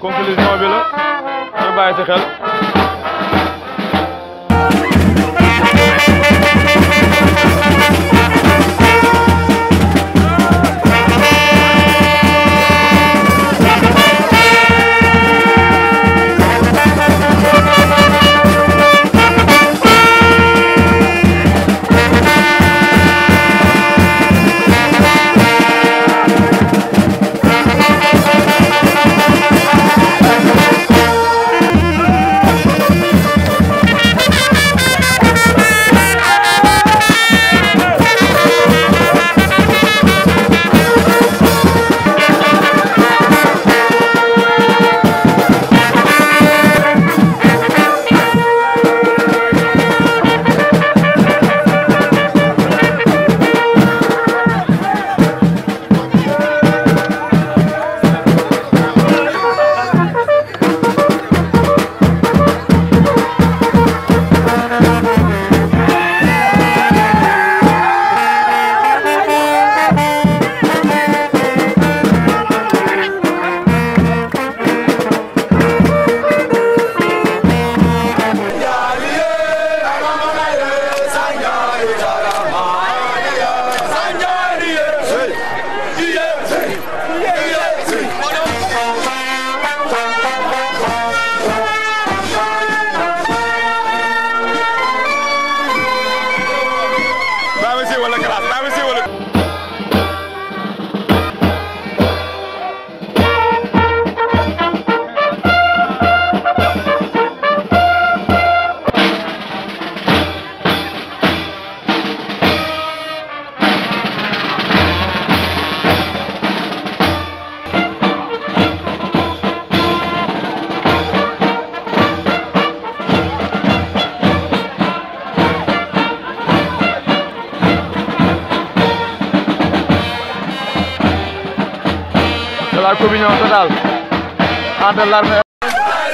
conclusion bi la ñu bàyyi ci xel la communion totale entre l'armée